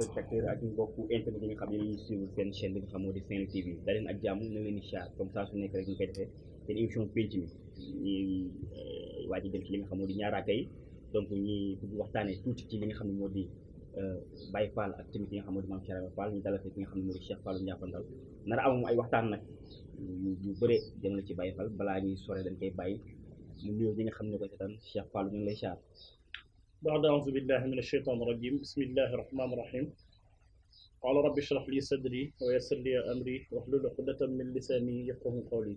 téléspectateurs ak mbokku internet yi nga xam ne dañuy suivre seen chaîne bi nga xam moo di Saint-Louis TV da leen ak jàmm na leen di comme saa su nekk rek ñu koy euh, li nga xam moo di ñaaraaka yi donc ñuy bëgg waxtaanee tuuti ci li nga xam ne moo di euh, Baye Fall ak tamit yi nga xam moo di Mame Cheikh nga xam ne moo di Cheikh Fallou Ndiafandal nar a am ay waxtaan nag yu bëre jëm la ci Baye Fall balaa ñuy sore dañ koy bàyyi ñu nuyoo ñi nga xam ne ko seetaan Cheikh Fallou ñu ngi lay char بعد أعوذ بالله من الشيطان الرجيم بسم الله الرحمن الرحيم قال رب اشرح لي صدري ويسر لي أمري واحلل عقدة من لساني يفقه قولي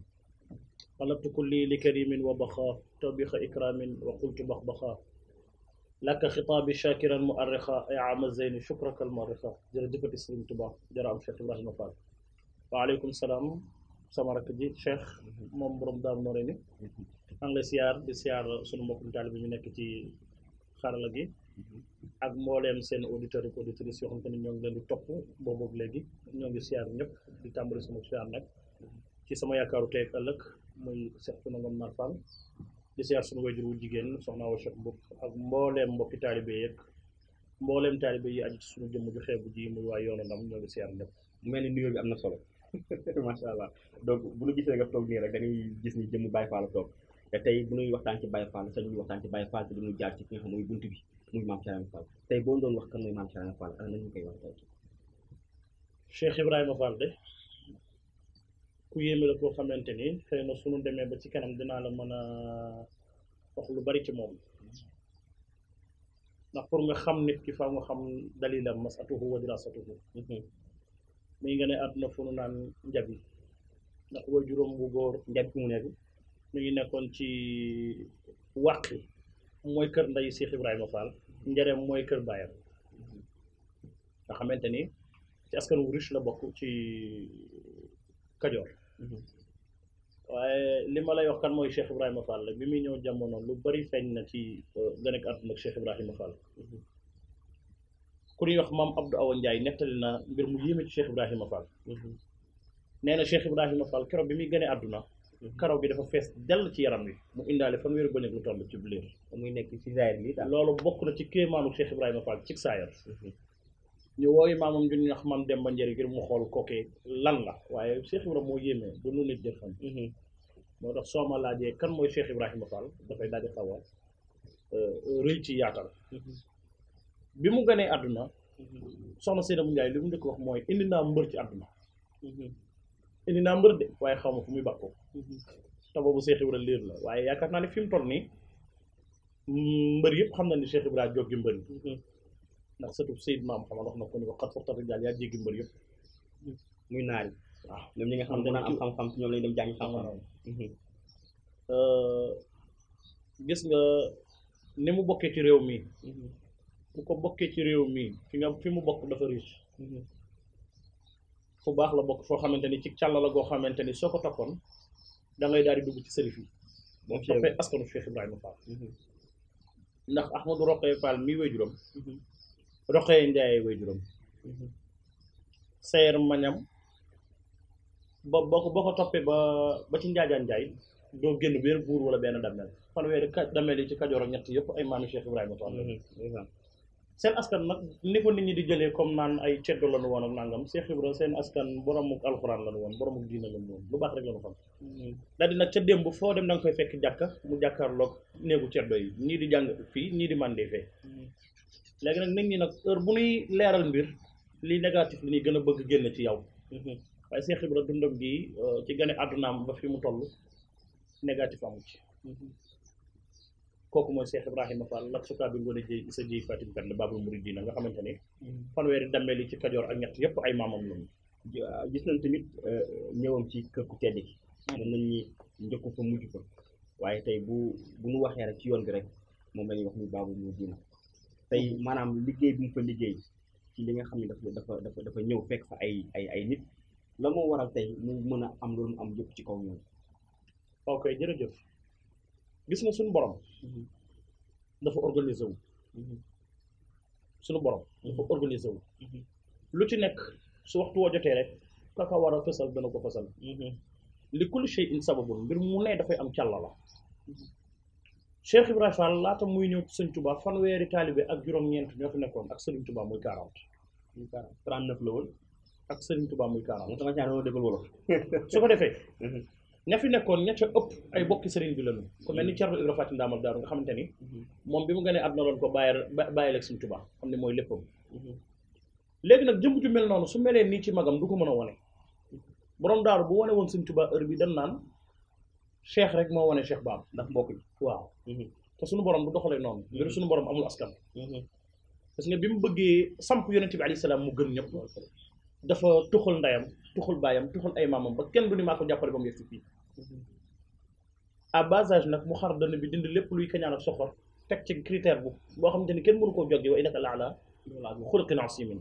طلبت كلي لكريم وبخا توبخ إكرام وقلت بخبخا لك خطابي شاكرا مؤرخا يا عام الزين شكرك المؤرخا جردك تسليم تبا جرام شيخ ابراهيم نفال وعليكم السلام سمارك جي شيخ مم رمضان موريني أنا سيار ni an la siyaar xarala gi mhm. ak mbooleem seen auditeur ak auditrice yoo xam te ne ñoo ngi leen di topp boobu léegi ñoo ngi siyaar ñëpp di tàmbali sama siyaar nag ci sama yaakaaru tey ëllëg muy Cheikh Tuna Ngom Marfal di siyaar suñu wajur wu jigéen soxna wa Cheikh Mboup ak mbooleem mbokki taalibe yeeg mbooleem taalibe yi aju ci suñu jëmm ju xeebu ji muy waa yoonu ndam ñoo ngi siyaar ñëpp mel ni nuyoo bi am na solo macha allah donc bu ñu gisee nga toog nii rek dañuy gis ni jëmm Baye la toog te tey bu ñuy waxtaan ci Baye Fall sax ñuy waxtaan ci Baye Fall te duñu jaar ci ki nga xam mooy buntu bi muy Maam Thierno Fall tey boo doon wax kan mooy Maam Thierno Fall ana nañu koy wax tey de ku yéeme la koo xamante ni xëy na suñu demee ba ci kanam dinaa la mën a wax lu bari ci moom ndax pour nga xam nit ki faaw nga xam dalilam masatuhu wa dirasatuhu mm-hmm. muy nga ne àdduna fu nu naan njabi ndax way juróom bu nekk ñu ngi nekkoon ci wàq yi mooy kër nday Cheikh Ibrahima Fall njareem mooy kër baayam nga xamante ni ci askan wu riche la bokk ci Kajoor waaye li ma lay wax kan mooy Cheikh Ibrahima Fall bi muy ñëw jamono lu bari feeñ na ci gën ak àdduna Cheikh Ibrahima Fall ku ñuy wax maam Abdou Awa Ndiaye nettali na mbir mu yéeme ci Cheikh Ibrahima Fall nee na Cheikh Ibrahima Fall keroog bi muy gënee àdduna Mhm. karaw bi dafa fees dell ci yaram wi mu indaale ba bële lu toll ci bu biir. muy nekk ci zaayir bi loolu bokk na ci kéemaanu Cheikh Ibrahima Fall ci saayar mhm. ñu wooyu maamam ju ñu wax maam Demba Njeri ngir mu xool kookee lan la waaye Cheikh moo yéeme du lu nit mhm. moo tax soo ma laajee kan mooy Cheikh Ibrahima Fall dafay daal di xaw a euh, rëy ci yaatal bi mu gënee àdduna soxna Seydou li mu njëkk wax mooy indi naa mbër ci àdduna indi naa mbër de waaye xaw ma fu muy bàkkoo mhm. te boobu Cheikh Ibra liir la waaye yaakaar naa ne fi mu toll nii mm, mbër yëpp xam na ni Cheikh Ibra joggi mbër yi mhm. ndax surtout Seydou Maam a wax na ko ni ko xat foxtata jall yaa jéggi mhm. muy naari waaw ñoom nga xam danaan am xam-xam ñoom lañu dem jàngi xam gis nga ni mu bokkee ci réew mi bu ko bokkee ci réew mi fi nga fi mu bokk dafa riche fu baax la bokk foo xamante ni ci càll la goo xamante ni soo ko toppoon da ngay daal di dugg ci sërif yi boo toppee askanu Cheikh Ibrahima Fall mhm. ndax Ahmadou Roqee Fall mi way juróom mhm. Roqee Ndiaye way juróom mhm. seer mañam ba boo boo ko toppee ba ba ci njaajaan njaay doo génn wér buur wala benn dammel fan ka dammel yi ci kajoor ñett yëpp ay maami Cheikh Ibrahima Fall seen askan nag ni ko nit ñi di jëlee comme naan ay ceddo lañu woon ak nangam Cheikh Ibra seen askan boromuk alxuraan lañu woon boromuk diina lañu woon lu baax rek lañu xam mm-hmm. daal di nag ca démb foo dem da koy fekk jàkka mu jàkkaarloog néegu ceddo yi ñii di jàng fii ñii di màndee fee mm-hmm. léegi nag nit ñi nag heure bu ñuy leeral mbir li négatif li ñuy gën a bëgg génn ci yow mm-hmm. waaye Cheikh Ibra dundam gii uh, ci gane àddunaam ba fi mu toll négatif amu koku moy Cheikh ibrahim Fall la sukaa bi ngone jey isa jey fatim kan babul baabul muridina nga xamantene ne mm. fanweeri dammeel ci kajoor ak ñett yépp ay mamam lu gis nañ tamit euh, ñewam ci kër ku teddi mën nañ ñi fa mujj fa waye tay bu bu nu waxee rek ci yoon bi rek mom lañ wax ni babul muridina tay manam mm. liggéey bu mu fa liggéey ci li nga xamni dafa dafa dafa dafa ñëw fekk fa ay ay ay nit la mo waral tay mu mëna am lu mu am yëpp ci kaw ñoom ok jërëjëf gis na suñu borom dafa organiser wu suñu borom dafa organiser wu lu ci nekk su waxtu woo jotee rek kaka war a fësal dana ko fësal li kulli shay'in sababun mbir mu ne dafay am càlla la Cheikh Ibrahima Fall laata muy ñëw Sëñ fan weeri taalibe ak juróom-ñeent ñoo fi nekkoon ak Sëriñ Touba muy quarante muy quarante trente neuf la woon ak Sëriñ Touba su ko defee mhm. ña fi nekkoon ña ca ëpp ay bokki sëriñ bi lañu ku mel ni Thierno Ibrahima Fatim Ndaamal Daaru nga xamante ni mhm. moom bi mu gënee àdduna loon ko bàyyi bàyyi leeg suñ Tuubaa xam ne mooy léppam mhm. léegi nag jëmm ju noonu su melee nii ci magam du ko mën a wane borom daaru bu wane woon suñ Tuubaa heure bi dan naan cheikh rek moo wane cheikh baam ndax mbokk waaw mhm. te suñu borom du doxalee noonu mbiru suñu borom amul askan parce que bi mu bëggee samp yonente bi alayhi salaam mu gën ñëpp dafa tuxul ndeyam tuxul baayam tuxul ay maamam ba kenn du ni maa ko jàppale ba mu yegg nag mu xar dënn bi dindi lépp luy kañaan ak soxor teg ci critère bu boo xamante ne kenn mënu koo joggi wa innaka la'alaa xuluqin aziim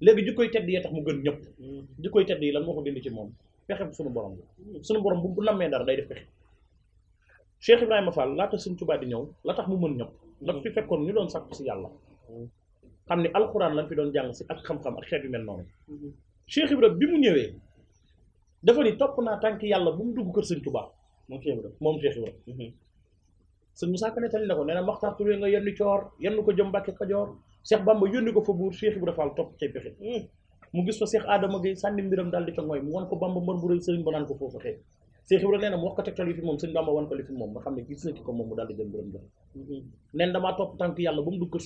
léegi jikkoy tedd yee tax mu gën ñëpp jikkoy tedd yi la moo ko dindi ci moom pexe bu sunu borom bi sunu bu bu nammee dara day def pexe Cheikh Ibrahima Fall laata suñ Tuubaa di ñëw la tax mu mën ñëpp daf fi fekkoon ñu doon sàkku si yàlla xamni alquran lam fi doon jang ci ak xam-xam ak xeet yu mel non mhm. cheikh ibrahim bi mu ñëwee dafa ni top na tànk yalla bu mu dugg mhm. ko seigne touba mo cheikh ibrahim mom cheikh ibrahim seigne musa kané tali na néna nee na nga yenn cior yenn ko jëm Mbàkke Kajoor Cheikh Bamba yoni ko fa bur Cheikh ibrahim Fall top ci pexe mhm. mu gis fa Cheikh Adama Gueye sanni mbiram dal di ko moy mu won ko Bamba mbër bu reuy seigne bonan ko fofu xé Cheikh Ibrahima nee na mu wax ko tegtal yi fi moom sëñ Bamba wan ko li fi moom nga xam ne gis na ki ko moom mu daal di jël mbiram jox neen damaa topp tànk yàlla ba mu dugg ko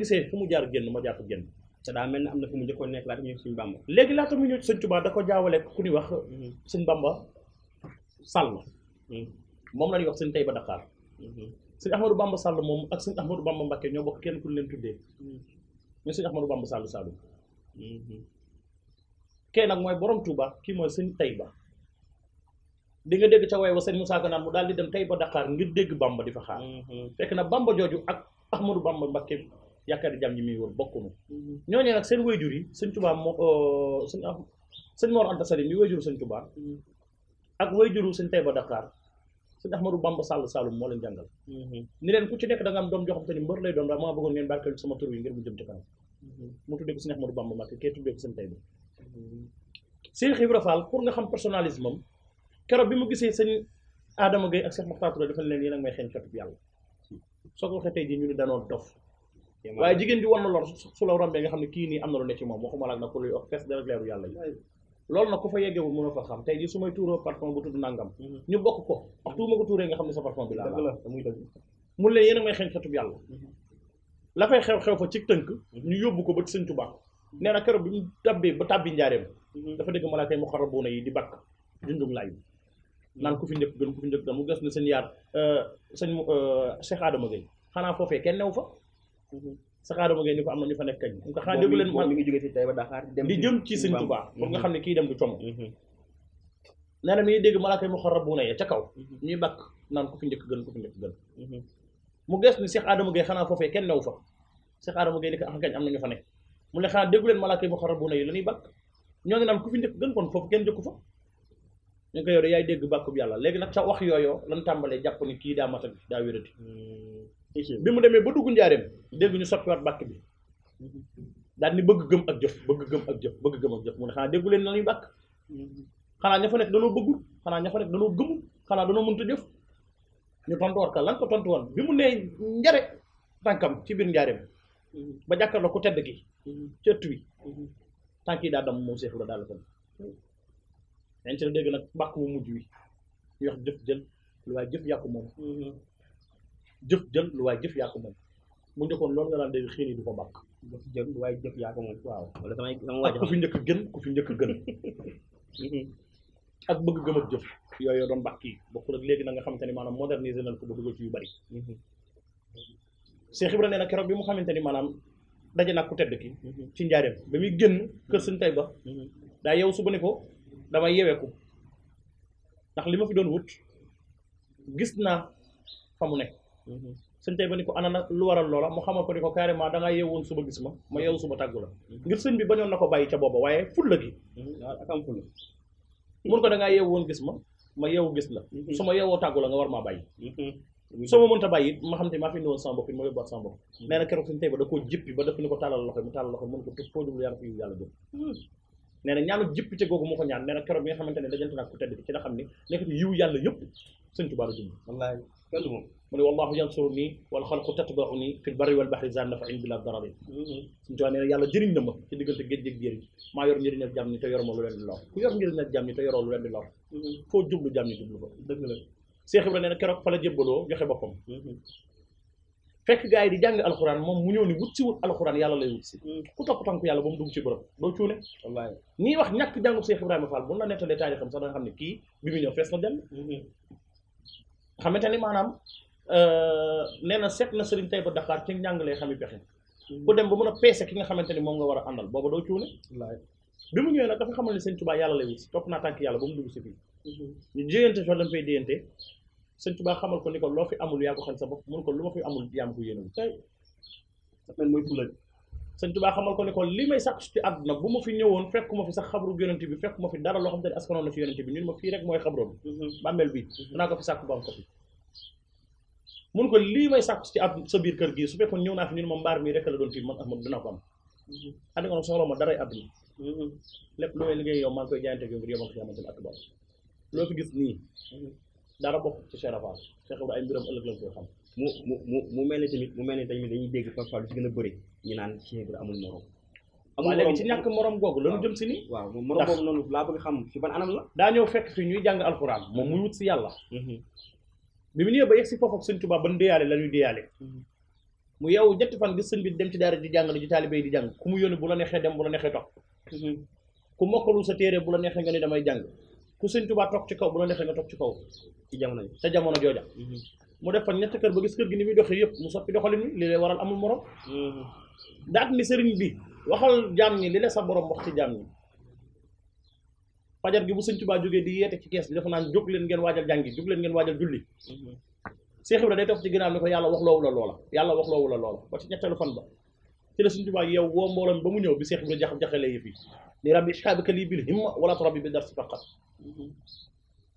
gisee fu mu jaar génn ma jaar ko mu njëkkoon nekk laata ñëw sëñ mm-hmm. Bamba Sàll mm-hmm. mm-hmm. moom ak sëñ Ahmadou Bamba Mbacké ñoo bokk kenn ku leen tuddee ñu sëñ Ahmadou Bamba Sàll Saalum kee nag mooy borom Touba kii mooy sëñ Tayba di nga dégg ca way wa sëñ Moussa Ka naan mu daal di dem ba Dakar ngir dégg Bamba di fa xaar mm-hmm. fekk na Bamba jooju ak Ahmadou Bamba Mbakke yaakaar jàmm ñi muy wër bokkunu mm-hmm. ñooñu nag seen wayjur yi sëñ Touba moo euh, sëñ ah, sëñ Mor Anta Salim yi wayjuru sëñ Touba mm-hmm. ak wayjuru sëñ Tayba Dakar sëñ Ahmadou Bamba Sall Saalum moo leen jàngal ni leen ku ci nekk da nga am doom joo xam te ni mbër lay doom daa maa bëggoon ngeen barkeel sama tur ngir mu jëm ci kanam mu tuddee ko sëñ Ahmadou Bamba Mbakke kee tuddee ko sëñ Tayba Cheikh Ibra Fall pour nga xam personnalisme moom keroog bi mu gisee sëñ Adama Gueye ak Cheikh Mokhtar Touré dafa leen may xeeñ katub yàlla soo ko waxee tey jii ñu ne danoo dof waaye jigéen ji war na lor su la rombee nga xam ne kii nii am na lu ne ci moom waxuma laag na ko luy wax fees dara leeru yàlla yi loolu nag ku fa yeggewul mënoo fa xam tey jii su may tuuroo parfum bu tudd nangam ñu bokk ko wax tuuma ko tuuree nga xam ne sa parfum bi laa la mun leen yéen may xeeñ katub yàlla la fay xew-xew fa ci tënk ñu yóbbu ko ba ci sëñ nee na keroog bi mu ba tabbi njaareem mhm. dafa dégg malaaka yi mu xaraboona yi di bakk dundug laay naan ku fi njëkk gën ku fi njëkk gën mu ges na seen yaar euh, sëñ euh, Cheikh Adama Gueye xanaa foofee kenn new fa mhm. Cheikh Adama Gueye ni ko am na ñu fa nekk ko xanaa déggu leen man mi ngi jóge ci Taïba Dakar di mhm. xam ne kii dem du como nee na mi ngi dégg malaaka yi mu xaraboona yi ca kaw ñuy bakk naan ku fi njëkk gën ku fi njëkk gën mu ges ni Cheikh Adama Gueye xanaa foofee kenn new fa Cheikh Adama Gueye ni ko am ah kañ am na ñu fa nekk mu ne xanaa déggu leen malaaka yi muqarrabuuna yi la ñuy bàkk ñoo ngi naan ku fi njëkk gën kon foofu kenn jëkku fa ñu ngi ko yow yaay dégg bàkkub yàlla léegi nag sa wax yooyoo lan tàmbalee jàpp ni kii daa matal daa wérati hmm. bi mu demee ba dugg njaareem dégg ñu soppiwaat bàkk bi daan ni bëgg gëm ak jëf bëgg gëm ak jëf bëgg gëm ak jëf mu ne xaa déggu leen la ñuy bàkk xanaa ña fa nekk danoo bëggul xanaa ña fa nekk danoo gëmul xanaa danoo mënta jëf ñu tontu war ka lan ko tontu woon bi mu nee njare tànkam ci biir njaareem ba jàkkaarloo ku tedd gi mm-hmm. ci ëtt wi mm-hmm. tànk yi dam moom Seex Ibra daal ko mm-hmm. dañ ci dégg nag bàkk bu mujj wi ñu jëf jël lu waaye moom jëf jël lu waaye jëf yàqu moom bu njëkkoon loolu nga daan dégg xiir yi du ko bàkk jëf jël lu waaye jëf yàqu moom waaw ku fi njëkk gën ku fi njëkk gën ak bëgg gëm jëf yooyu doon bàkk yi bokkul ak léegi na nga xamante ni maanaam moderniser nañ ko ba dugal ci bari Cheikh Ibra nee na keroog bi mu xamante ni maanaam daje nag ku tedd ki ci njaareem ba muy génn kër suñ tey ba daa yow suba ko ndax li ma fi doon wut gis naa fa mu nekk sëñ tey ba ni ko ana lu waral loola mu xamal ko ni ko carrément da ngaa yeewoon suba gis ma ma yeewu suba tàggu la ngir sëñ bi bañoon na ko bàyyi ca booba waaye fulla gi ak am fulla mun ko da ngaa woon gis ma ma yeewu gis la su ma yeewoo tàggu la nga war maa bàyyi soo ma mënta bàyyi ma xam te maa fi indiwoon sama bopp it ma yóbbuwaat sama bopp hmm. nee na keroog suñu tey ba da koo ne ko tëb foo jublu yaa ngi hmm. ko ñaan nee na keroog bi nga xamante ne dajante naa ko tedd ci la xam ne hmm. nekk yiw yàlla nii wal yor njëriñal lu leen di lor ku yor jàmm ñi te yoroo lu leen di lor foo jublu jàmm ñi jublu ko dëgg Cheikh Ibrahima nee na keroog fa la jébbaloo joxe boppam fekk gars yi di jàng alxuraan moom mu ñëw ni wut si wut alxuraan yàlla lay wut si ku topp tànk yàlla ba mu dugg ci borom doo cuune wallaahi nii wax ñàkk jàngu Cheikh Ibrahima Fall bu la nettalee taari xam sax da ne kii bi mu ñëw fees na jàng xamante ni maanaam euh, nee na seet na Serigne Taïba Dakar ci njàngalee xami pexe ku dem ba mën a peese ki nga xamante ni moom nga war a àndal booba doo cuune bi mu ñëwee nag dafa xamal ne yàlla lay wut si topp naa tànk yàlla ba mu dugg si fii mhm. ñu jéyante soo fay déyante sëñ Tuubaa xamal ko ni ko loo fi amul yaa ko xam sa bopp mun ko lu ma fi amul yaa ma ko yéenal tey man mooy fulaj sëñ ko ni li may sàkk ci àdduna bu ma fi ñëwoon fekk ma fi sax xabru yonent bi fekk ma fi dara loo xam te ne askanoon na fi yonent bi ñun ma fii mhm. bi mhm. danaa ko fi sàkk ko lii may sàkk ci àdduna sa biir kër gii su fekkoon ñëw naa fi ñun mbaar mii rek la doon fi man Ahmadu dina ko am andi mhm. ma daray àdduna lépp lu may liggéey yow maa ngi koy jaayante yow ngir yomal xiyaamatul loo fi gis nii dara bokk ci cherafal Cheikh Ibra ay mbiram ëllëg lañ koy xam mu mu mu mu mel ni tamit mu mel ni tamit dañuy dégg parfois lu ci ñu naan Cheikh Ibra amul morom amul léegi ci ñàkk morom googu lañu jëm si nii waaw moom morom boobu noonu laa bëgg xam ci ban anam la daa ñëw fekk fi ñuy jàng alxuraan moom muy wut si yàlla mm-hmm. bi mu ñëwee ba yegg si foofu ak sëñ Tuubaa ban déyaale la ñuy déyaale mm-hmm. mu yow jëtti fan gis sëñ bi dem ci daara di jàng ji taalibe yi di jàng ku mu yónni bu la neexee dem bu la neexee topp mm-hmm. ku mokkalu sa téere bu la neexee nga ni damay jàng ku sëñ Tuubaa toog ci kaw bu la neexee nga toog ci kaw ci jamono ji te jamono jooja mm-hmm. mu def fa ñetti kër ba gis kër gi ni muy doxee yëpp mu soppi doxalin wi li lay waral amul morom mm-hmm. daat ni sëriñ bi waxal jaam ñi li la sa borom wax ci jaam ñi fajar gi bu sëñ Tuubaa jógee di yeete ci kees bi dafa naan jóg leen ngeen waajal jàngi jóg leen ngeen waajal julli mm-hmm. Seex Ibra day toog ci ginnaaw ni ko yàlla wax loowu la loola yàlla wax loowu la loola ba ci ñetteelu fan ba ci la sëñ yow woo mboolam ba mu ñëw bi Seex Ibra jax jaxalee yëf yi ni rabbi shahbaka lii biir himma wala rabbi bi si faqat mhm.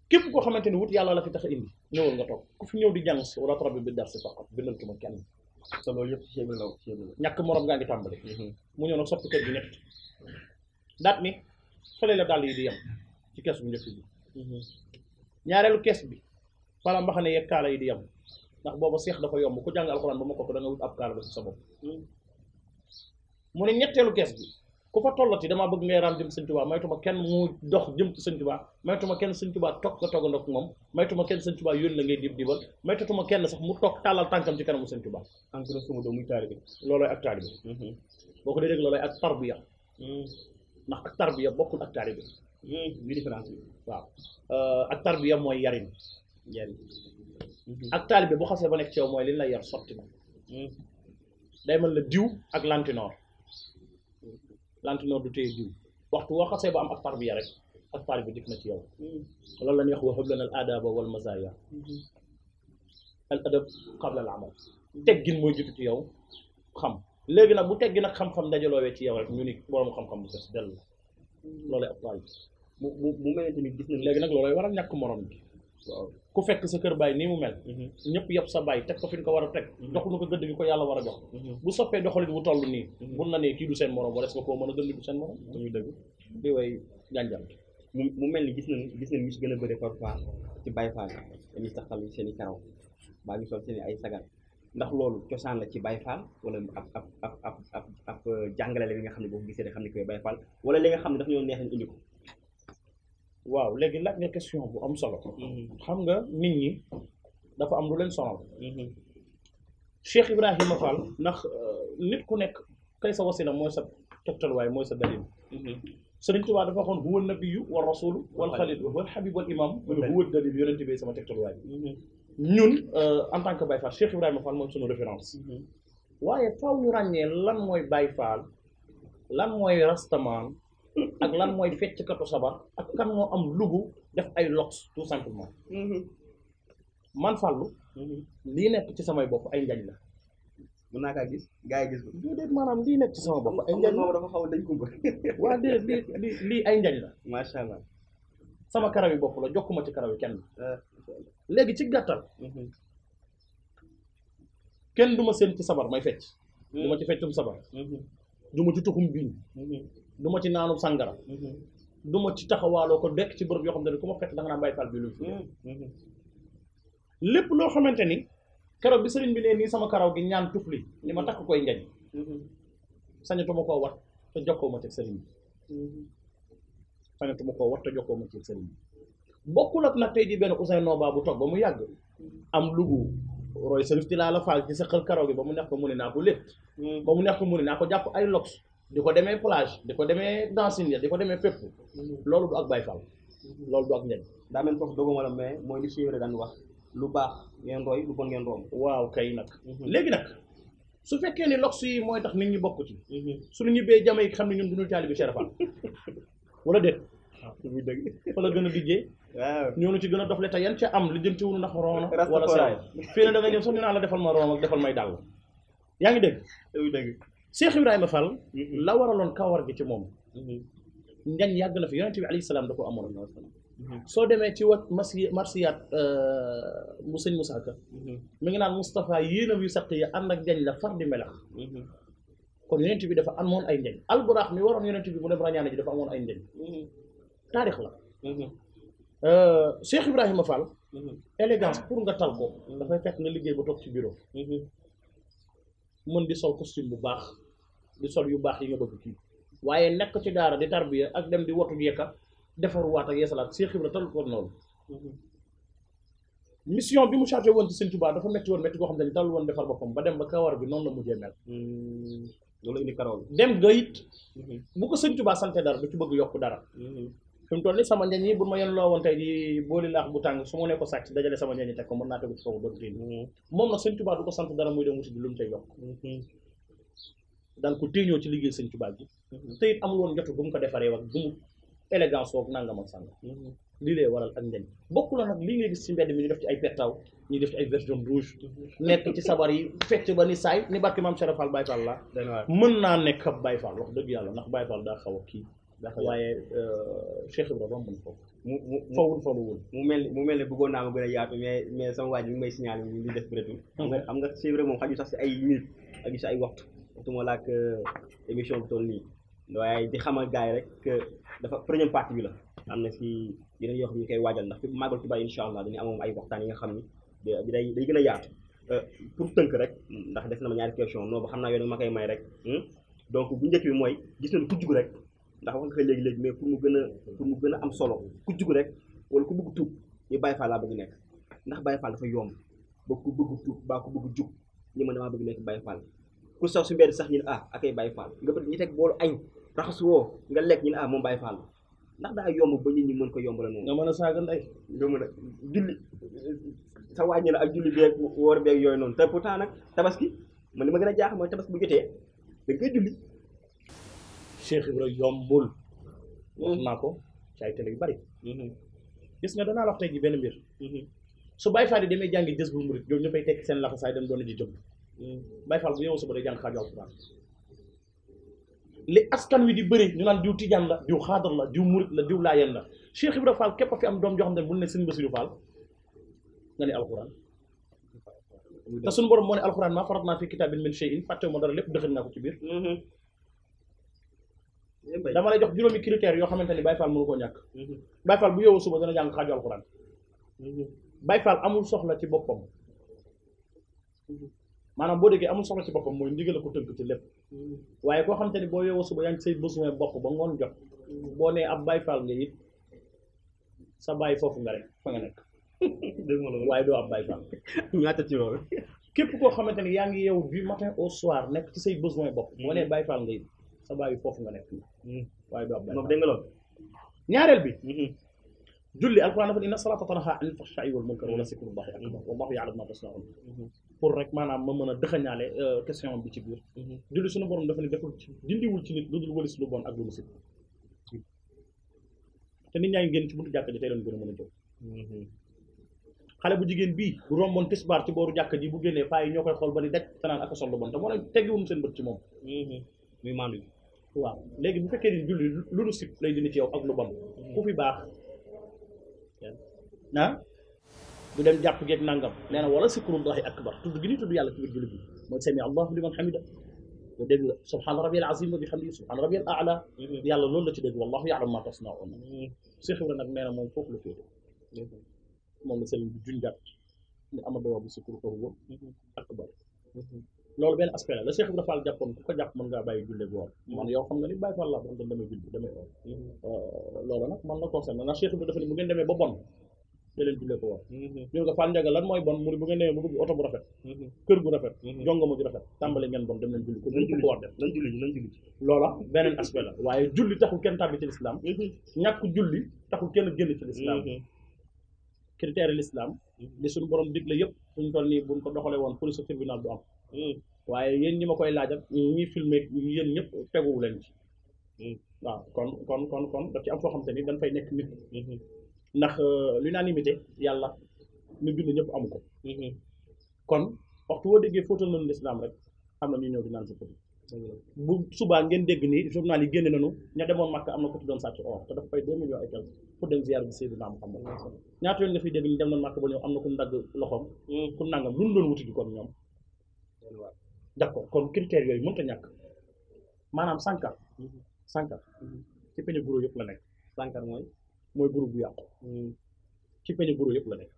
képp koo xamante ni wut yàlla la fi tax a indi ñëwal nga toog ku fi ñëw di jàng si wala rabbi bi darsi faqat bindal tuma kenn te loolu ñàkk morom ngaa ngi tàmbali mhm. mu ñëw nag soppi kër gi ñett daat ni fële yi di yem ci kees bu njëkk bi mhm. ñaareelu kees bi fala mbaxane yeeg kaala yi di yem ndax booba seex dafa yomb ku jàng alxuraan ba ma ko ko da nga wut ab kaala ba si sa bopp mu ne ñetteelu kees bi ku fa tollati damaa bëgg ngay raam jëm Sëñ Tuubaa maytuma kenn mu dox jëm ci Sëñ Tuubaa maytuma kenn Sëñ Tuubaa toog nga toog ndox moom maytuma kenn Sëñ Tuubaa yónni la ngay dib dibal maytatuma kenn sax mu toog tàllal tànkam ci kanamu Sëñ Tuubaa encore sama doom muy taalibe loolooy ak taalibe mm-hmm. boo ko dee dégg loolooy ak tarbiya mm-hmm. ndax ak tarbiya bokkul ak taalibe bi mm-hmm. différence bi waaw euh, ak tarbiya mooy yarin yarin ak taalibe bu xasee ba nekk ci yow mooy li ñu la yar sotti na day mën la diw ak lantinoor l'entraîneur du téye jiw waxtu woo xasee ba am ak tarbiya rek ak par bi dikk na ci yow mm-hmm. loolu la ñuy wax wa hab lana al aadaba wal mazaaya mm-hmm. al adab qabla al amal mm-hmm. teggin mooy jiitu ci yow xam léegi nag bu teggin nag xam-xam dajaloowee ci yow rek ñu ni borom xam-xam bu fees dell la loolu ab par bi mu mu mu mel léegi nag loolooy a ñàkk morom bi ku fekk sa kër baay nii mu mel mhm. ñëpp yëpp sa baay teg ko fi ñu ko war a teg mhm. jox lu ko gëdd bi ko yàlla war a jox mhm. bu soppee doxalin bu toll nii mun na ne kii du seen morom wala est-ce que koo mën a gën du seen morom dañuy dëgg di way janjal mu mu mel ni gis nañ gis nañ ñu si a bëri parfois ci Baye seen i karaw baa ngi sol seen ay sagar ndax loolu cosaan la ci Baye Fall wala ab ab ab ab ab li nga xam ne boo ko gisee rek xam ne koy Baye Fall wala li xam daf ñoo neex ko waaw léegi laaj nga question bu am solo. xam nga nit ñi dafa am lu leen sonal. Cheikh Ibrahima Fall ndax nit ku nekk kay sa wasila mooy sa tegtalwaay mooy sa dalil. Serigne Touba dafa waxoon huwa nabiyu wa rasul wal xalil wal xabib wal imam. huwa dalil yonente bi sama tegtalwaay. ñun en tant que Baye Fall Cheikh Ibrahima Fall mooy sunu référence. waaye faaw ñu ràññee lan mooy Baye Fall lan mooy Rastaman. ak lan mooy fecckatu sabar ak kan moo am lugu def ay lox tout simplement mhm. man fàllu mhm. lii nekk ci samay bopp ay njañ la mën naa kaa gis gars yi gis ko déedéet maanaam lii nekk ci sama bopp ay njañ moom dafa xaw a dañ kumba waa déedéet ay njañ la macha sama karaw yi bopp la jokkuma ci karaw yi kenn ah, léegi ci gàttal mhm. kenn du ma seen ci sabar may fecc du ci feccum sabar du ci tuxum biiñ du ma ci naanu sàngara mm-hmm. du ma ci taxawaaloo ko dekk ci bërëb yoo xam ne ku ma fekk da nga naan Baay Faal bi lu mm-hmm. lépp loo xamante ni karaw bi sëriñ bi nee nii sama karaw gi ñaan tufli ni ma takk koy njañ mm-hmm. sañatuma koo wat te jokkoo ma ci sëriñ bi sañatuma koo wat te jokkoo ma ci sëriñ bi bokkul ak nag tey ji benn Ousseyn bu toog ba mu yàgg am lugu roy sëriñ ti laa la faal ci sëqal karaw gi ba mu neex ko mu ne naa ko lépp ba mu neex ko mu ne naa ko jàpp ay lox diko démé plage diko démé demee dancing ya di ko demee du ak bay fall loolu du ak njëg da mel foofu doguma wala mais moy li suivre dañ wax lu baax ngeen roy lu bon ngeen rom waaw kay nak mhm. légui nak su fekké ni loxu yi moy tax nit ñi bokku ci mhm. suñu ñibbee jame yi xam ñun duñu talibi Cheikh wala déet ah, muy dëgg fa la gën a liggéey waaw ñoonu ci gën a dofle te am li jëm ci wunu ndax roona wala saay fi ne da nga ñëw sax ñu la defal ma room ak defal may dal yaangi ngi dégg Cheikh Ibrahima Fall mm-hmm. la waraloon kawar gi ci moom mm-hmm. ngañ yàgg na fi yonente bi alayhi salaam da ko amoon mm-hmm. soo demee ci wat masi marsiyaat euh, mu sëñ Moussa Ka mu ngi naan Moustapha yéenam yu saq ya ànd ak njañ la far di melax kon yonent bi dafa amoon ay njañ alburaax mi waroon yonent bi mu dem ràññaane ji dafa amoon ay njañ taarix la euh, Cheikh Ibrahima Fall élégance pour nga tal ko dafay fekk nga liggéey ba toog ci bureau mën di sol costume bu baax di sol yu baax yi nga bëgg kii waaye nekk ci daara di tarbiya ak dem di watu yekka defaruwaat ak yeesalaat Seex Ibra tal ko noonu mm-hmm. mission bi mu chargé woon ci Sëñ Tuubaa dafa métti woon métti koo xam ne tal woon defar boppam ba dem ba kawar bi noonu la mujjee mel mm-hmm. loolu indi karaw dem ga it mm-hmm. bu ko Sëñ Tuubaa sante dara du ci bëgg yokk dara fi mu toll nii sama njañ yi bu ma yen loo woon tey di booli bu tàng su ma ne ko sàcc dajale sama njañ yi teg ko mën naa ci kaw doon téen mm-hmm. moom nag sëñ Tuubaa du mm-hmm. mm-hmm. te it amul woon jotu bu mu ko defaree wax bu mu élégance woog nangam ak sànga lii lay waral ak njañ bokk la nag lii ngay gis ci mi ñu def ci ay pertaw ñu def ci ay version rouge nekk ci sabar yi fecc ba ni saay ni barke maam Serap Fall Baye Fall la mën naa nekk ab Baye Fall wax dëgg yàlla ndax Baye Fall daa xaw a kii waaye euh, Cheikh Ibrahima romb na foofu. mu mu foofu mu mel ni mu mel ne bëggoon naa ma gën a yaatu mais sama waa ji mi may signalé ñu ngi def bëreetul. Ah xam nga si ay minutes xaju si ay waxtu waxtuma laak euh, émission bi toll nii di xamal gars rek que dafa première partie bi la am na si yeneen yoo xam ne ñu koy waajal ndax fi màggal Tuubaa incha amoon ay waxtaan yi nga xam ni day day gën a yaatu euh, pour tënk rek ndax def na ma ñaari question non ba xam naa yow ma koy may rek hmm? donc bu njëkk bi mooy gis nañu ku jug rek. ndax wax nga ko léegi-léegi mais pour mu gën a mu gën am solo ku jug rek wala ku bëgg tuub ñu bay Fall laa bëgg nekk ndax bay Fall dafa yomb ba ku bëgg tuub baa ku bëgg jug ñu mën damaa bëgg nekk Baye Fall ku sax su mbedd sax ñu ah akay Baye Fall nga bëgg ñu teg boolu añ raxas woo nga lekk ñu ne ah moom Baye Fall ndax daa yomb ba nit ñi mën ko yomb la noonu nga mën a saaga ndey nga mën a julli sa wàññi la ak julli beeg woor beeg yooyu noonu te pourtant nag tabaski man li ma gën a jaax mooy tabaski bu jotee da julli Cheikh Ibra yombul wax naa ko ci ay télé yu bari gis nga danaa la wax tey ji benn mbir su Baye Fall yi demee jàngi jës bu murit ñoom ñëppay tekk seen laxasaay dem doon ji jëm Baye Fall bu yow suba day jàng xaaju alquran li askan wi di bëri ñu naan diw tijaan la diw xaadar la diw murit la diw laayeen la Cheikh Ibra Fall képp a fi am doom joo xam ne bu ne sëñ Bassirou Fall nga ne alquran te suñu borom moo ne alquran maa farat naa fi kitaabin min shay'in fàttewu ma dara lépp dëxën naa ko ci biir dama lay jox juróomi critères yoo xamante ni Baye Fall mënu koo ñàkk. Mhm. Baye bu yow suba dana jàng xaaju alxuraan. Mhm. Baye Fall amul soxla ci boppam. Mhm. maanaam boo déggee amul ci boppam mooy ndigal la ko tënk ci lépp. waaye koo xamante ni boo yow suba yaa ngi say besoin bopp ba ngoon jot. boo nee ab Baye Fall nga it sa bàyyi foofu nga rek fa nga nekk. dégg nga loolu waaye doo ab Baye Fall. ñaata ci loolu. képp koo xamante ni yaa ngi yow du matin au soir nekk ci say besoin bopp. boo nee Baye nga it. sa baay bi foofu nga nekk. waaye du ab moom dégg nga loolu. ñaareel bi. Hmm. julli alquran dafa inna salata tanha anil fahsha'i wal munkar wa lazikrullahi akbar hmm. wallahu ya'lamu ma tasna'un hmm. pour rek maanaam ma mën a dëxañaale euh, question bi ci biir. julli suñu borom dafa ne deful ci dindiwul ci nit lu dul wëlis lu bon ak lu mu sit te nit ñaa ngi génn ci buntu jàkka ji tey lañu gën a mën a jóg. xale bu jigéen bii bu romboon tisbaar ci booru jàkka ji bu génnee paa yi ñoo koy xool ba ni daj tanaan ak sol lu bon te moo ne teggiwum seen bët ci moom. muy maandu waaw léegi bu fekkee ni julli lu lu sib lay dindi ci yow ak lu bon ku fi baax ah du dem jàpp geeg nangam nee na wala sikrullahi akbar tudd gi ni tudd yàlla ci biir julli bi mooy sami allahu liman hamida nga dégg la subhaana rabi al azim wa bihamdihi subhaana rabi al ala yàlla loolu la ci dégg wallahu yaalam ma tasnaun Cheikh Ibra nag nee na moom foofu la féete moom la sëriñ bi junjaat ne amadawa bu sikru fahuwa akbar loolu ben aspect la la Cheikh Ibrahima Fall jàppoon ko japp man nga baye julle woor man yow xam nga ni baye Fall la man dama julle dama euh loolu nak man la conseil na Cheikh Ibrahima dafa ni bu ngeen deme ba bon da len julle ko woor mhm. ñu nga Fall Ndiaga lan moy bon mu bu ngeen deme bu bëgg oto bu rafet mhm. keur bu rafet mhm. jongama ju rafet tambali ngeen bon dem len julli ko nañ julli woor dem lan julli nañ julli loola benen aspect la waye julli taxu kenn tabbi ci l'islam ñak julli taxu kenn genn ci l'islam critère l'islam li sun borom digle yep suñ tolni buñ ko doxale won police tribunal du am Hmm. waaye yéen ñi ma koy laaja ñuy filmer yéen ñëpp teguwu leen ci hmm. waaw kon kon kon kon daf ci am foo xam te ni dañ fay nekk nit hmm. ndax euh, l'unanimité yàlla ñu bind ñëpp amu ko kon waxtu woo déggee fóotal nañu lislaam rek am na ñu ñëw di naan si pëdi bu subaa ngeen dégg ni journal yi génne nañu ña demoon Makka am na ko ci doon sàcc or te dafa fay deux millions et quelques pour dem ziar bi Seydina Muhammad ñaata yoon nga fiy dégg ñu dem nañ ba ñëw am na ku ndagg loxoom ku nangam lu ñu doon wuti kon ñoom d' accord kon critères yooyu mënut a ñàkk maanaam sànkar mhm. sànkar mhm. ci peñe guro yëpp la nekk sànkar mooy mooy guro bu yàqu mhm. ci peñe guro yëpp la nekk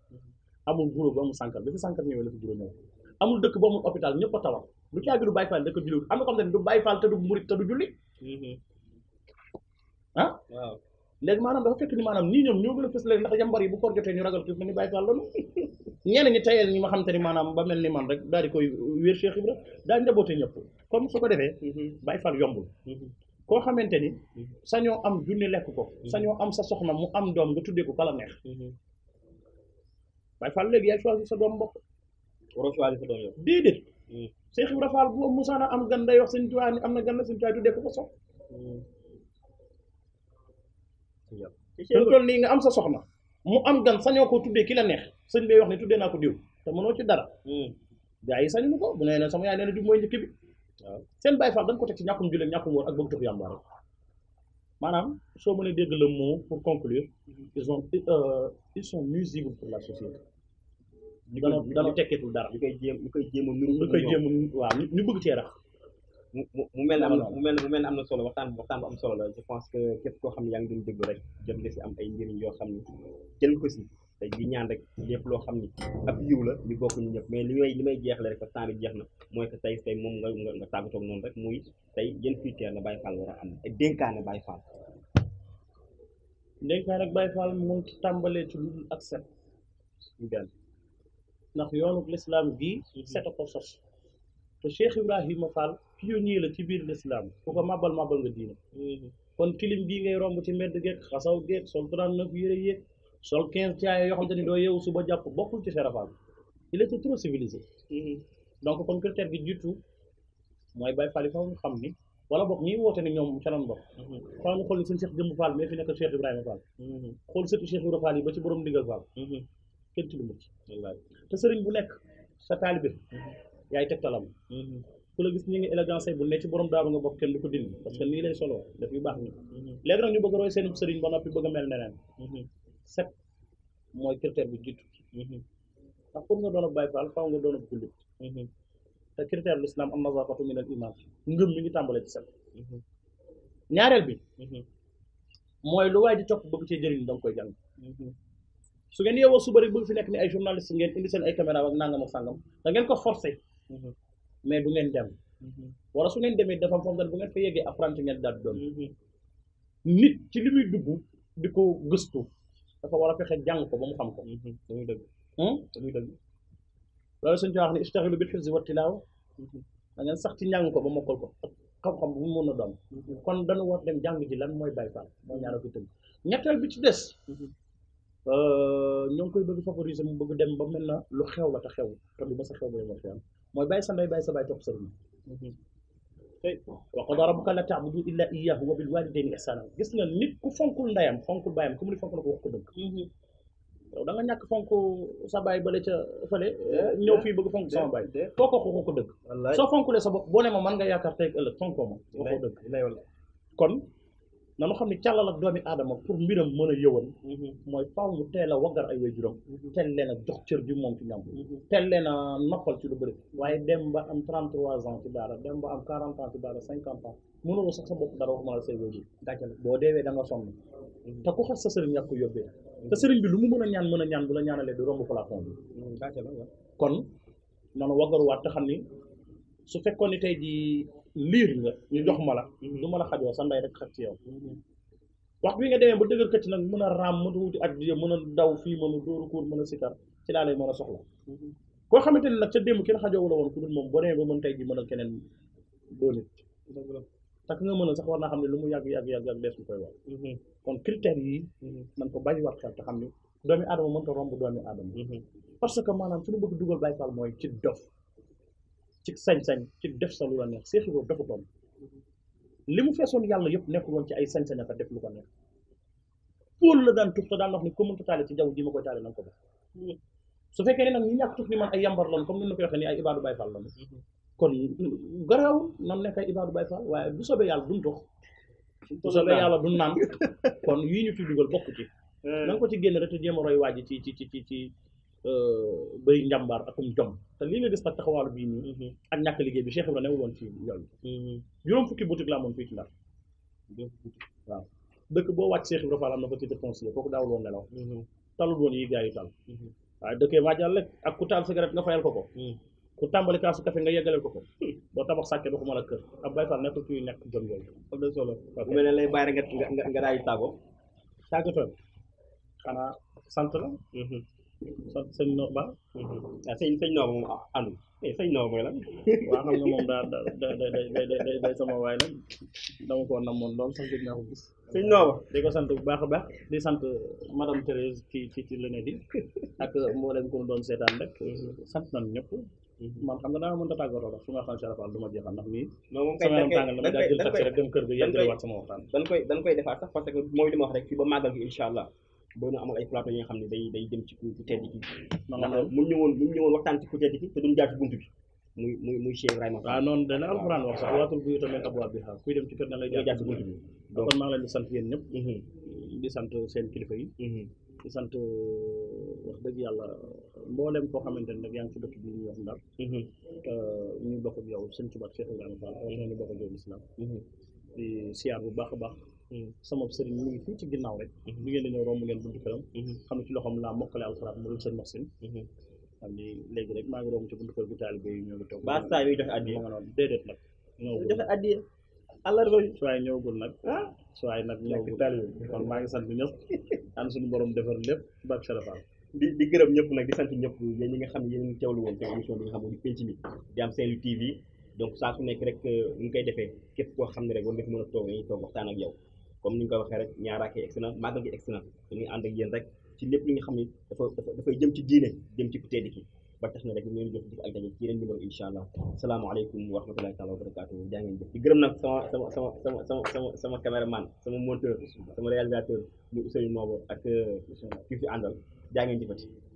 amul guro bu amul sànkar bi fi sànkar ñëwee la fi guro ñëw amul dëkk bu amul hôpital ñëpp a tawal lu caabi du Baay Faal dëkk julliwul am na ko xam ne du Baay Faal te du murit te du julli ah waaw léegi maanaam dafa fekk ni maanaam nii ñoom ñoo gën a fës léegi ndax yambar yi bu koor jotee ñu ragal xiif mel ni bàyyi fàlloon ñeneen ñi tayel ñi ma xam te ni maanaam ba mel ni man rek daal di koy wér Cheikh Ibra daal njabootee ñëpp comme su ko defee mhm. bàyyi fàll yombul mhm. koo xamante ni mhm. sañoo am junni lekk ko sañoo am sa soxna mu am doom nga tuddee ko kala neex bàyyi fàll léegi yaay choisir sa doom bopp waroo choisir sa doom yow déedéet Cheikh Ibra Fall bu musaana am gan day wax seen tuwaay ni am na gan la seen tuwaay tuddee ko ko dañ toll nii nga am sa soxna mu am gan sañoo ko tuddee ki la neex sëñ bay wax ne tuddee naa ko diw te mënoo ci dara hmm. gaa yi sañ na ko bu nee na sama yaay nee na diw mooy njëkk bi waaw seen bàyyi faal dañ ko teg ci ñàkkum julleeg ñàkkum woon ak bëgg tux yàmbaar rek maanaam soo mënee dégg le mot pour conclure hmm. ils ont euh, ils sont nuisibles pour la société dana dana tekkeetul dara ñu koy jéem ñu koy jéem a ñu koy jéem waaw ñu bëgg cee rax mu mu mel na mu mel ne mel am na solo waxtaan waxtaan bu am solo la je pense que képp koo xam ne yaa ngi doon déglu rek jot nga si am ay njëriñ yoo xam ne jël ko si te di ñaan rek lépp loo xam ne ab yiw la ñu bokk li may may jeexle rek parce que jeex na mooy que moom nga nga nga noonu rek muy tey jën futur la Baye Fall war a am et dénkaane Baye Fall. dénkaane ak Baye Fall mu ngi tàmbalee ci ak set. ndax yoonu lislaam gii set a ko sos. te Cheikh Ibrahima Fall pionnier la ci biir l'islam ku ko mabal mabal nga diina mm-hmm. kon kilim bii ngay romb ci medd geeg xasaw geeg sol 39 yére yéeg sol 15 caaya yoo xam te ni doo yeewu suba jàpp bokkul ci Serap Fall il était trop civilisé. Mm-hmm. donc kon critère gi jiitu mooy Baye Fall yi fa xam ni wala boog ñiy woote ni ñoom ca doon bokk. Mm-hmm. faaw ñu ni seen Cheikh Jëmb Fall mais fi nekk Cheikh Ibrahima Fall. xool sëtu Cheikh Ibrahima Fall yi ba ci borom ndigal Fall. kenn ci lu mucc. te sëriñ bu nekk sa taalibe yaay tegtalam mm-hmm. ku la gis ni nga élégance bu ne ci borom daaba nga bokk kenn du parce que nii lay solo daf baax ni mm-hmm. léegi nag ñu bëgg a roy seen sëriñ ba noppi bëgg a mel neneen mm-hmm. set mooy critère bu jiitu a pour nga doon ab Baay Faal faaw nga doon ab jullit te critère l' islam am nazafatu min al iman ngëm mi ngi tàmbalee set ñaareel bi mooy lu waay di topp bëgg cee jëriñ da nga koy jàng su ngeen yeewoo suba rek bëgg fi nekk ni ay journaliste ngeen indi seen mais du ngeen dem wala su ngeen demee dafa foog bu ngeen fa yeggee apprenti ngeen daal doon nit ci li muy dugg di ko gëstu dafa war a fexe jàng ko ba mu xam ko dañuy dëgg dañuy dëgg loolu suñ ci wax ne istaxilu bil xifzi wa tilaaw da ngeen sax ci njàng ko ba mokkal ko xam-xam bu mu a doon kon dañu war dem jàng ji lan mooy mooy ñaara ko ñetteel bi ci des ñoo ngi koy bëgg favoriser mu bëgg dem ba mel na lu xew la te xew te du ma sa xew fi am mooy bàyyi sa ndey bàyyi sa bàyyi topp sa dund mhm. wa qadaa rabbuka allaa ta'budu illaa iyyaahu bil waalidayni ihsaana gis nga nit ku fonkul ndeyam fonkul bàyyam ku mu ni fonk na ko wax ko dëgg mhm. yow da nga ñàkk fonk sa baay bale ca fële eh, ñëw fii bëgg fonk sama baay foo ko waxoo ko dëgg soo fonkulee sa bopp boo ne ma mën nga yaakaar tey ëllëg fonkoo ma waxoo dëgg kon nanu xam ne càllal ak doomi aadama pour mbiram mën a yëwan mhm. mooy faaw mu teel a waggar ay waajuram mhm. teel leen a jox cër bi moom ci ñoom mhm. teel leen a noppal ci lu bëri waaye dem ba am trente trois ans ci daara dem ba am quarante ans ci daara cinquante ans mënuloo sax sa bopp dara waxuma la say waajur gàccal boo deewee da nga sonn te ku xas sa sëriñ yàq ko yóbbee sëriñ bi lu mu mën a ñaan mën a ñaan bu la ñaanalee du romb plafond bi gàccal kon nanu waggaruwaat liir nga ñu jox mm-hmm. ma la mm-hmm. du ma la xajoo sa ndey rek xaj mm-hmm. wax bi nga demee ba dëgër këcc nag mën a raam mën a wuti at bi mën a daw fii mën a dóoru kóor mën a sikar ci laa lay a soxla koo la woon ku dul moom boo demee ba mën tey a keneen doo nit naa xam ne lu mu yàgg yàgg yàgg yàgg dees mu koy yi man ko bàyyi wax xel te xam ni doomi aadama mën romb doomi aadama parce que maanaam suñu bëgg dugal Baye mooy ci dof ci sañ-sañ ci def sa lu la neex seetu boobu dafa toll li mu feesoon yàlla yëpp nekkul woon ci ay sañ-sañ fa def lu ko neex póol la daan tux te daan wax ni ko mënta taale ci jaww ji ma koy taale na nga ko def su fekkee ne nag ñu ñàkk tux ni man ay yambar lan comme ni koy waxee ni ay ibaadu bay fall lan kon garaawul nan nekk ay ibaadu bay fall waaye bu soobee yàlla duñ naan kon yii ñu tuddugal bokk ci eh. na ko ci génn te jéem a roy ci ci ci Euh, bëri njàmbaar akum jom te lii la des nag taxawaalu bii nii mhm. ak ñàkk liggéey bi Cheikh Ibrahima newul woon ci yooyu mhm. juróom fukki boutique la amoon fii ci Ndar waaw dëkk boo wàcc see Ibrahima Fall am na fa titre foncier kooku daawul woon nelaw mhm. talul woon yi gars yi tal waaye dëkkee waajal rek ak ku taal cigarette nga fayal ko ko ku tàmbali kaasu café nga yeggaleel ko ko boo tabax sàkke doxuma la kër ab Baye Fall nekkul ci nekk jom yooyu am na solo bu ne lay bàyyi rek nga nga nga daal di tàggoo xanaa sant la sa sëñ Noor Ba. ah sëñ sëñ Noor moom àndul eh sëñ Noor mooy lan. waaw moom daal da da da day sama waay la dama ko namoon lool sax gis naa ko gis. sëñ Noor di ko sant bu baax a baax di sant madame Thérèse ci ci ci lunettes yi ak mboolem ku doon seetaan rek sant nañ ñëpp. man xam nga daa mënut a tàggatoo rek su ma xam si rafal du ma jeexal ndax nii. non moom kay da da jël taxi rek dem kër ga yàgg waat sama waxtaan. dañ koy dañ koy defaat sax parce que mooy li wax rek fii ba màggal gi incha doon amal ay plateau yi xam ne day day dem ci ku tedd ki ndax mu ñëwoon mu ñëwoon waxtaan ci ku tedd ki te duñ jaar ci buntu bi muy muy muy Cheikh ah, mhm. seen kilifa yi mhm. di sant euh, wax dëgg yàlla mboolem koo xamante ne nag ngi ci dëkk bi ñuy wax ndar te mhm. euh, ñu bokk ak yow sëñ Tuubaa Cheikh Ibrahima siyaar bu baax baax sama sëriñ mi ngi fii ci ginnaaw rek bi ngeen di ñëw romb ngeen buntu këram mhm. xam ne ci loxoom laa mokkale alxuraan mu dul seen maxsin mhm. xam ni léegi rek maa ngi romb ci buntu kër bi ñoo ngi toog ba saa yuy joxe addiya nga noonu déedéet nag ñëwul joxe addiya àllarba suwaay ah. kon maa ngi sant ñëpp an suñu borom defar lépp bak sarafal di di gërëm ñëpp nag di sant ñëpp yéen ñi nga xam ne teew teewlu woon seen émission bi nga xam ne di penc mi di am Saint-Louis TV donc saa su nekk rek euh, ñu koy defee képp koo xam ne rek war nga fi mën a toog waxtaan comme ni nga ko waxee rek ñaaraakee egsi na màggal gi egsi na dañuy ànd ak yéen rek ci lépp li nga xam ni dafa dafay jëm ci diine jëm ci ku tedd ki ba tax na rek ñu leen jox dif ak ci yeneen incha allah salaamaaleykum wa rahmatullahi taala wa barakaatu jaa ngeen jëf di gërëm nag sama sama sama sama sama sama sama caméraman sama monteur sama réalisateur ñu Ousseynou Noobo ak euh, kii fi àndal jaa ngeen jëfati